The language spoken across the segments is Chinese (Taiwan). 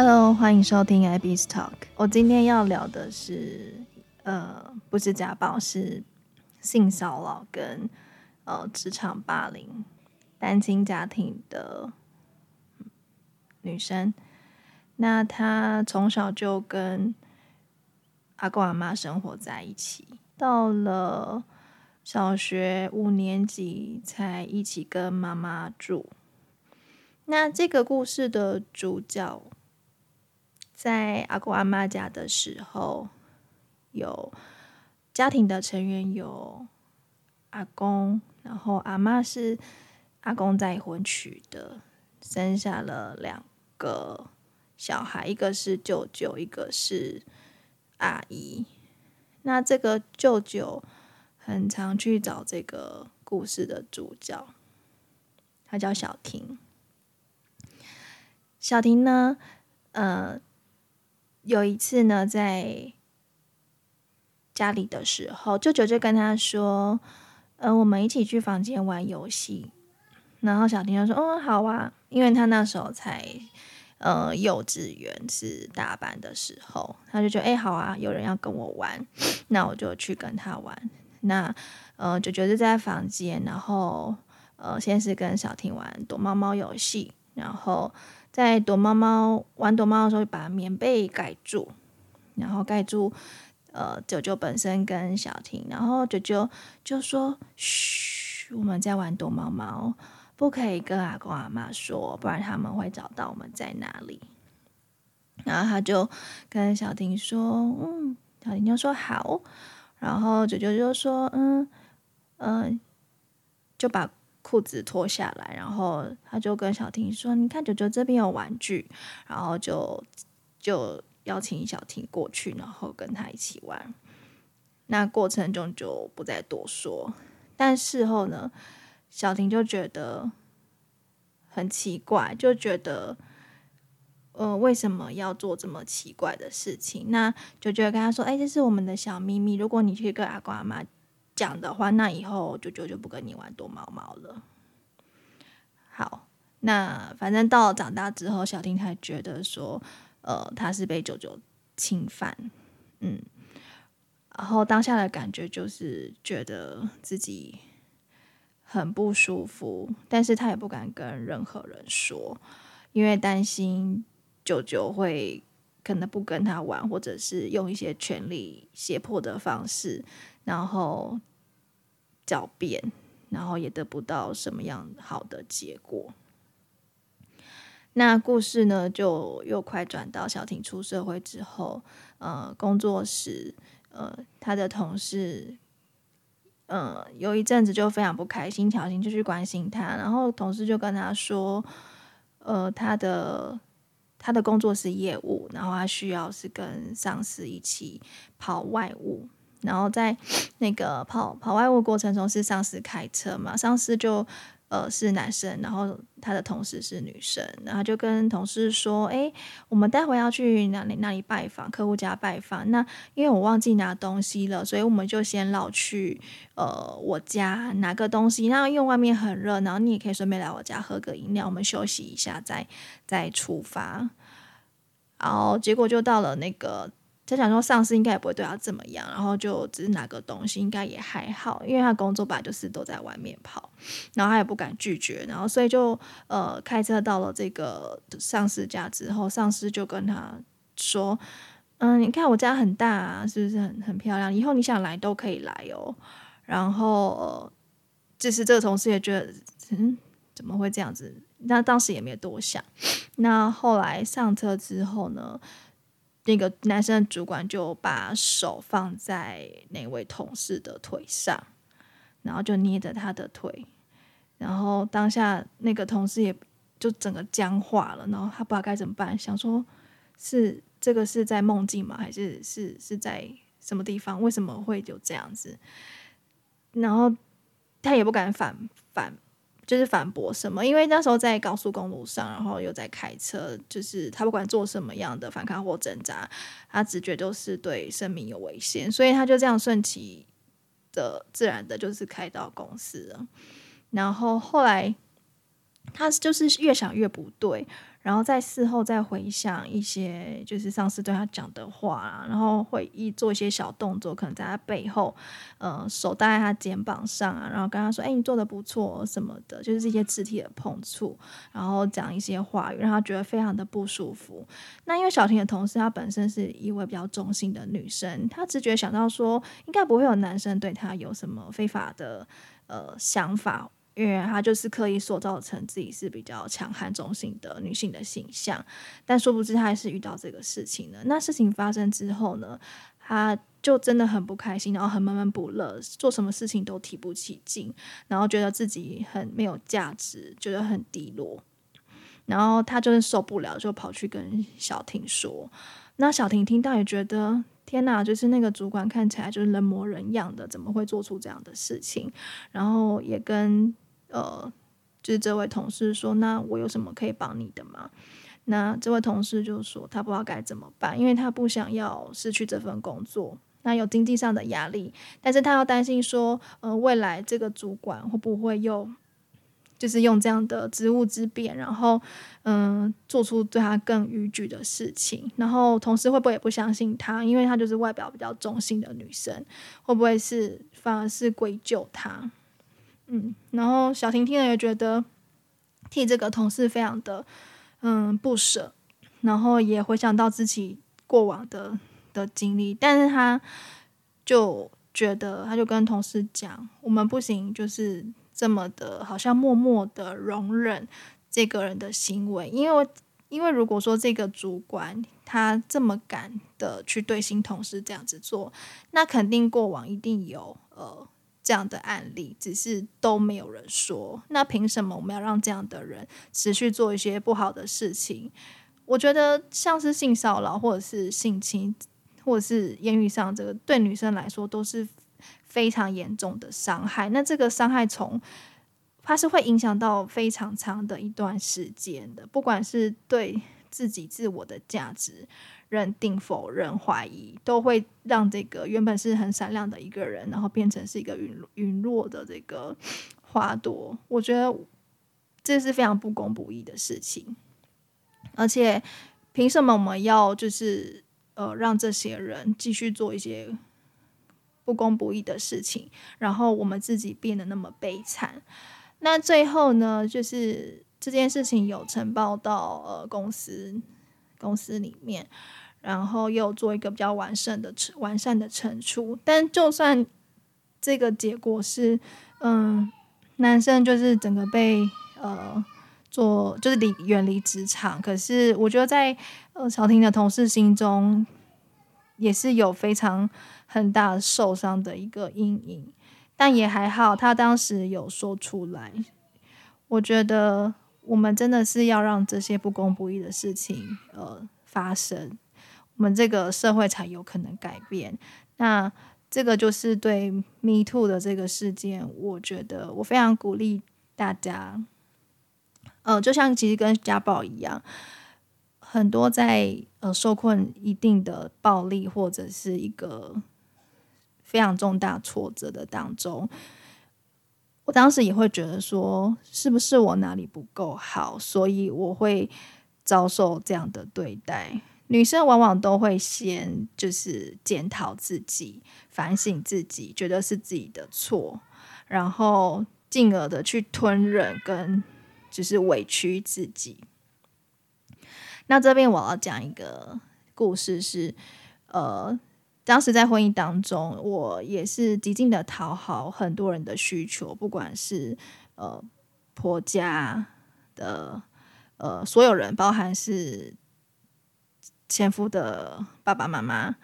Hello，歡迎收聽 IB's Talk。我今天要聊的是，呃，不是家暴，是性騷擾跟呃職場霸凌。單親家庭的女生，那她從小就跟阿公阿媽生活在一起，到了小學五年級才一起跟媽媽住。那這個故事的主角。在阿公阿媽家的時候，有家庭的成員有阿公，然後阿媽是阿公再婚娶的，生下了兩個小孩，一個是舅舅，一個是阿姨。那這個舅舅很常去找這個故事的主角，他叫小婷。小婷呢，呃。有一次呢，在家裡的時候，舅舅就跟他說：“呃，我們一起去房間玩遊戲。”然後小婷就說：“哦，好啊。”因為他那時候才呃幼稚園是大班的時候，他就覺得，哎，好啊，有人要跟我玩，那我就去跟他玩。”那呃，舅舅就在房間，然後呃，先是跟小婷玩躲貓貓遊戲，然後。在躲貓貓玩躲貓的時候，把棉被蓋住，然後蓋住呃九九本身跟小婷，然後九九就說：“噓，我們在玩躲貓貓，不可以跟阿公阿嬤說，不然他們會找到我們在哪裡。”然後他就跟小婷說：“嗯。”小婷就說：“好。”然後九九就說：“嗯嗯。呃”就把。褲子脫下來，然後他就跟小婷說：“ 你看九九這邊有玩具，然後就就邀請小婷過去，然後跟他一起玩。那過程中就不再多說。但事後呢，小婷就覺得很奇怪，就覺得，呃，為什麼要做這麼奇怪的事情？那九九跟他說：‘哎，這是我們的小秘密，如果你去跟阿公阿嬤……’”講的話，那以後舅舅就不跟你玩躲貓貓了。好，那反正到長大之後，小丁才覺得說，呃，他是被舅舅侵犯，嗯，然後當下的感覺就是覺得自己很不舒服，但是他也不敢跟任何人說，因為擔心舅舅會可能不跟他玩，或者是用一些權力脅迫的方式。然後狡辯，然後也得不到什麼樣好的結果。那故事呢，就又快轉到小婷出社會之後，呃，工作時，呃，他的同事，嗯、呃，有一陣子就非常不開心，小婷就去關心他，然後同事就跟他說，呃，他的他的工作是業務，然後他需要是跟上司一起跑外務。然後在那個跑跑外務過程中，是上司開車嘛？上司就呃是男生，然後他的同事是女生，然後就跟同事說：“誒、欸，我們待會要去哪裡哪裡拜訪客戶家拜訪。那因為我忘記拿東西了，所以我們就先繞去呃我家拿個東西。那因為外面很熱，然後你也可以順便來我家喝個飲料，我們休息一下再再出發。然後結果就到了那個。”就想說上司應該也不會對他怎麼樣，然後就只是拿個東西，應該也還好，因為他工作吧，就是都在外面跑，然後他也不敢拒絕，然後所以就呃開車到了這個上司家之後，上司就跟他說：“嗯，你看我家很大啊，是不是很很漂亮？以後你想來都可以來哦。”然後就是、呃、這個同事也覺得：“嗯，怎麼會這樣子？”那當時也沒有多想。那後來上車之後呢？那個男生的主管就把手放在那位同事的腿上，然後就捏着他的腿，然後當下那個同事也就整個僵化了，然後他不知道該怎麼辦，想說是這個是在夢境嗎？還是是是在什麼地方？為什麼會就這樣子？然後他也不敢反反。就是反駁什麼，因為那時候在高速公路上，然後又在開車，就是他不管做什麼樣的反抗或掙扎，他直覺就是對生命有危險，所以他就這樣順其的自然的，就是開到公司了。然後後來他就是越想越不對。然後在事後再回想一些，就是上司對他講的話、啊、然後會一做一些小動作，可能在他背後，呃，手搭在他肩膀上啊，然後跟他說，哎、欸，你做得不錯什麼的，就是這些肢體的碰觸，然後講一些話語，讓他覺得非常的不舒服。那因為小婷的同事，她本身是一位比較中性的女生，她直覺想到說，應該不會有男生對她有什麼非法的呃想法。因為她就是刻意塑造成自己是比較強悍、中性的女性的形象，但殊不知她還是遇到這個事情了。那事情發生之後呢，她就真的很不開心，然後很悶悶不樂，做什麼事情都提不起勁，然後覺得自己很沒有價值，覺得很低落。然後她就是受不了，就跑去跟小婷說。那小婷聽到也覺得，天哪，就是那個主管看起來就是人模人樣的，怎麼會做出這樣的事情？然後也跟。呃，就是這位同事說：“那我有什麼可以幫你的嗎？”那這位同事就說：“他不知道該怎麼辦，因為他不想要失去這份工作，那有經濟上的壓力，但是他又擔心說，呃，未來這個主管會不會又就是用這樣的職務之便，然後嗯、呃，做出對他更逾矩的事情，然後同事會不會也不相信他，因為他就是外表比較中性的女生，會不會是反而是歸咎他？”嗯，然後小婷聽了也覺得替這個同事非常的嗯不捨，然後也回想到自己過往的的經歷，但是她就覺得她就跟同事講，我們不行，就是這麼的，好像默默的容忍這個人的行為，因為因為如果說這個主管他這麼敢的去對新同事這樣子做，那肯定過往一定有呃。這樣的案例只是都沒有人說，那憑什麼我們要讓這樣的人持續做一些不好的事情？我覺得像是性騷擾或者是性侵或者是言語上，這個對女生來說都是非常嚴重的傷害。那這個傷害從它是會影響到非常長的一段時間的，不管是對自己自我的價值。認定否、否認、懷疑，都會讓這個原本是很閃亮的一個人，然後變成是一個隕隕落的這個花朵。我覺得這是非常不公不義的事情。而且，憑什麼我們要就是呃讓這些人繼續做一些不公不義的事情，然後我們自己變得那麼悲慘？那最後呢，就是這件事情有呈報到呃公司。公司裡面，然後又做一個比較完善的完善的懲處，但就算這個結果是，嗯，男生就是整個被呃做就是離遠離職場，可是我覺得在呃朝廷的同事心中也是有非常很大的受傷的一個陰影，但也還好，他當時有說出來，我覺得。我們真的是要讓這些不公不義的事情，呃，發生，我們這個社會才有可能改變。那這個就是對 Me Too 的這個事件，我覺得我非常鼓勵大家。呃，就像其實跟家暴一樣，很多在呃受困一定的暴力或者是一個非常重大挫折的當中。我當時也會覺得說，是不是我哪裡不夠好，所以我會遭受這樣的對待。女生往往都會先就是檢討自己、反省自己，覺得是自己的錯，然後進而的去吞忍跟就是委屈自己。那這邊我要講一個故事是，呃。當時在婚姻當中，我也是極盡的討好很多人的需求，不管是呃婆家的呃所有人，包含是前夫的爸爸媽媽，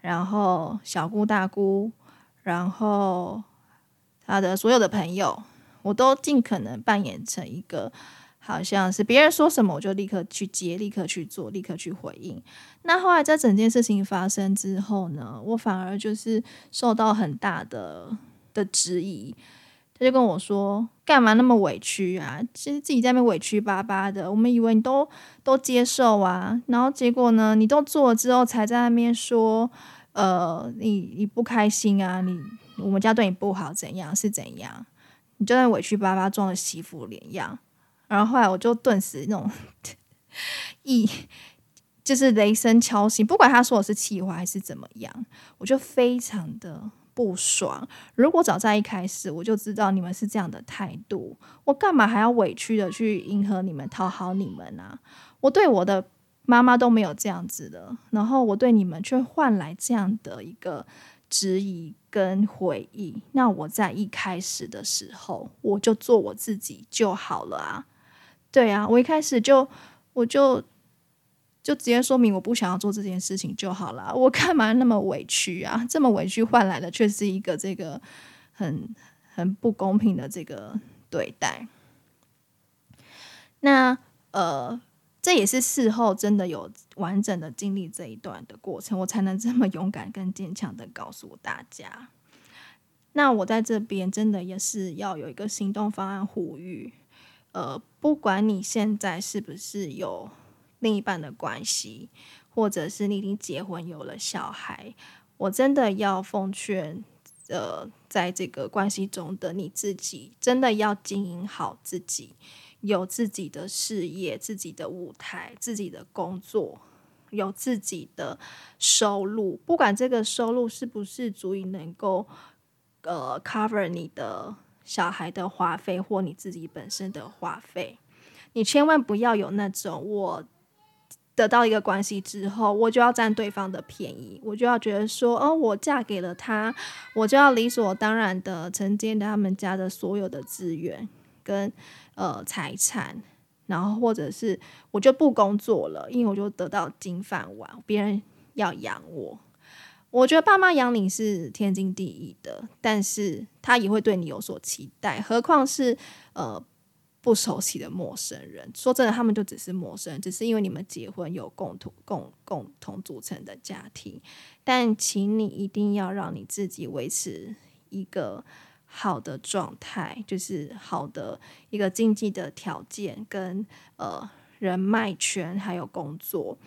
然後小姑大姑，然後他的所有的朋友，我都盡可能扮演成一個。好像是別人說什麼，我就立刻去接，立刻去做，立刻去回應。那後來在整件事情發生之後呢，我反而就是受到很大的的質疑。他就跟我說：“幹嘛那麼委屈啊？其實自己在那邊委屈巴巴的。我們以為你都都接受啊，然後結果呢，你都做了之後，才在那邊說：‘呃，你你不開心啊？你我們家對你不好，怎樣是怎樣？’你就在委屈巴巴裝的媳婦臉樣。”然後後來我就頓時那種一 就是雷聲敲醒，不管他說的是氣話還是怎麼樣，我就非常的不爽。如果早在一開始我就知道你們是這樣的態度，我幹嘛還要委屈的去迎合你們、討好你們啊？我對我的媽媽都沒有這樣子的，然後我對你們卻換來這樣的一個質疑跟懷疑。那我在一開始的時候我就做我自己就好了啊。對啊，我一開始就我就就直接說明我不想要做這件事情就好了啊。我幹嘛那麼委屈啊？這麼委屈換來的卻是一個這個很很不公平的這個對待。那呃，這也是事後真的有完整的經歷這一段的過程，我才能這麼勇敢跟堅強的告訴大家。那我在這邊真的也是要有一個行動方案呼籲。呃，不管你現在是不是有另一半的關係，或者是你已經結婚有了小孩，我真的要奉勸，呃，在這個關係中的你自己，真的要經營好自己，有自己的事業、自己的舞台、自己的工作，有自己的收入，不管這個收入是不是足以能夠，呃，cover 你的。小孩的花費或你自己本身的花費，你千萬不要有那種我得到一個關係之後，我就要占對方的便宜，我就要覺得說，哦，我嫁給了他，我就要理所當然的承接他們家的所有的資源跟呃財產，然後或者是我就不工作了，因為我就得到金飯碗，別人要養我。我覺得爸媽養你是天經地義的，但是他也會對你有所期待，何況是呃不熟悉的陌生人。說真的，他們就只是陌生人，只是因為你們結婚有共同共共同組成的家庭。但請你一定要讓你自己維持一個好的狀態，就是好的一個經濟的條件跟呃人脈圈，還有工作。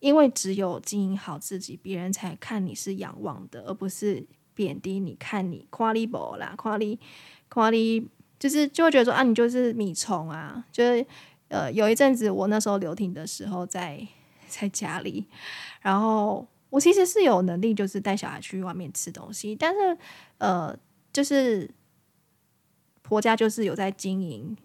因為只有經營好自己，別人才看你是仰望的，而不是貶低你，看你。看你誇你不啦，誇你誇你，你，就是就會覺得說啊，你就是米蟲啊。就是呃，有一陣子我那時候留停的時候在，在在家裡，然後我其實是有能力，就是帶小孩去外面吃東西，但是呃，就是婆家就是有在經營。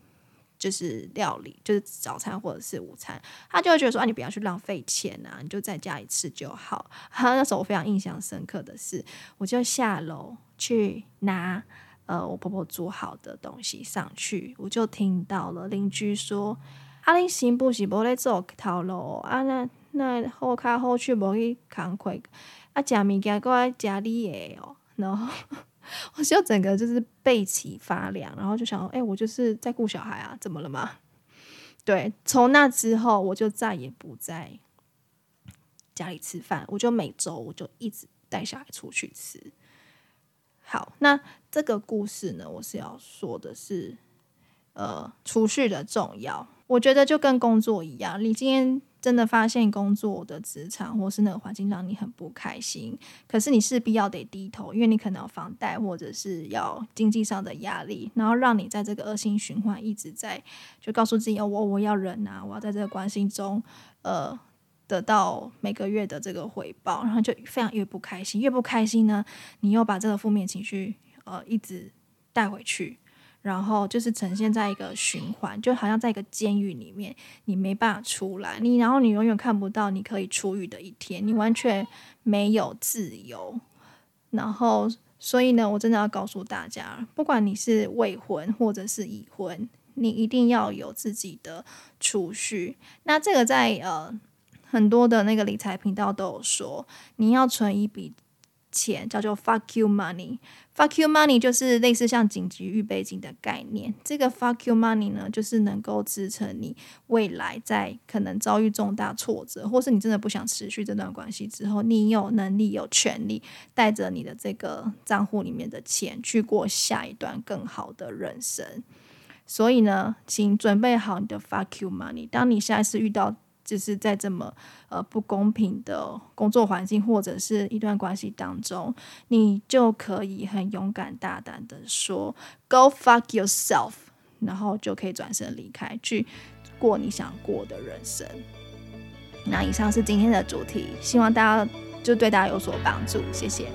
就是料理，就是早餐或者是午餐，他就會覺得說：啊，你不要去浪費錢啊，你就在家裡吃就好。哈、啊，那時候我非常印象深刻的是，我就下樓去拿呃我婆婆煮好的東西上去，我就聽到了鄰居說：啊，恁媳婦是無咧做頭路，啊那那好卡好去無去工課。”啊食物件閣來食你的哦、喔，然後。我就整個就是背脊發涼，然後就想，哎、欸，我就是在顧小孩啊，怎麼了嗎？對，從那之後我就再也不在家裡吃飯，我就每周我就一直帶小孩出去吃。好，那這個故事呢，我是要說的是，呃，儲蓄的重要，我覺得就跟工作一樣，你今天。真的發現工作的職場或是那個環境讓你很不開心，可是你勢必要得低頭，因為你可能有房貸或者是要經濟上的壓力，然後讓你在這個惡性循環一直在，就告訴自己哦，我我要忍啊，我要在這個關係中，呃，得到每個月的這個回報，然後就非常越不開心，越不開心呢，你又把這個負面情緒，呃，一直帶回去。然後就是呈現在一個循環，就好像在一個監獄裡面，你沒辦法出來，你然後你永遠看不到你可以出獄的一天，你完全沒有自由。然後，所以呢，我真的要告訴大家，不管你是未婚或者是已婚，你一定要有自己的儲蓄。那這個在呃很多的那個理財頻道都有說，你要存一筆。錢叫做 Fuck You Money，Fuck You Money 就是類似像緊急預備金的概念。這個 Fuck You Money 呢，就是能夠支撐你未來在可能遭遇重大挫折，或是你真的不想持續這段關係之後，你有能力、有權利帶着你的這個賬戶裡面的錢去過下一段更好的人生。所以呢，請準備好你的 Fuck You Money，當你下一次遇到，就是在這麼呃不公平的工作環境或者是一段關係當中，你就可以很勇敢大膽地說 Go fuck yourself，然後就可以轉身離開，去過你想過的人生。那以上是今天的主題，希望大家就對大家有所幫助，謝謝。